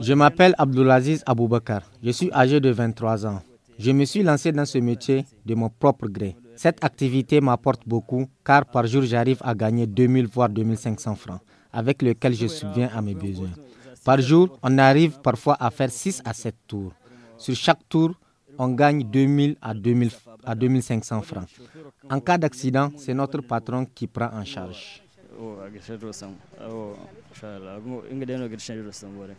Je m'appelle Abdulaziz Aboubakar. Je suis âgé de 23 ans. Je me suis lancé dans ce métier de mon propre gré. Cette activité m'apporte beaucoup car par jour j'arrive à gagner 2000 voire 2500 francs avec lequel je subviens à mes besoins. Par jour, on arrive parfois à faire 6 à 7 tours. Sur chaque tour, on gagne 2000 à 2000 à 2500 francs. En cas d'accident, c'est notre patron qui prend en charge. oo agashadirosan oo insha allah inga dheno agashadirosan bore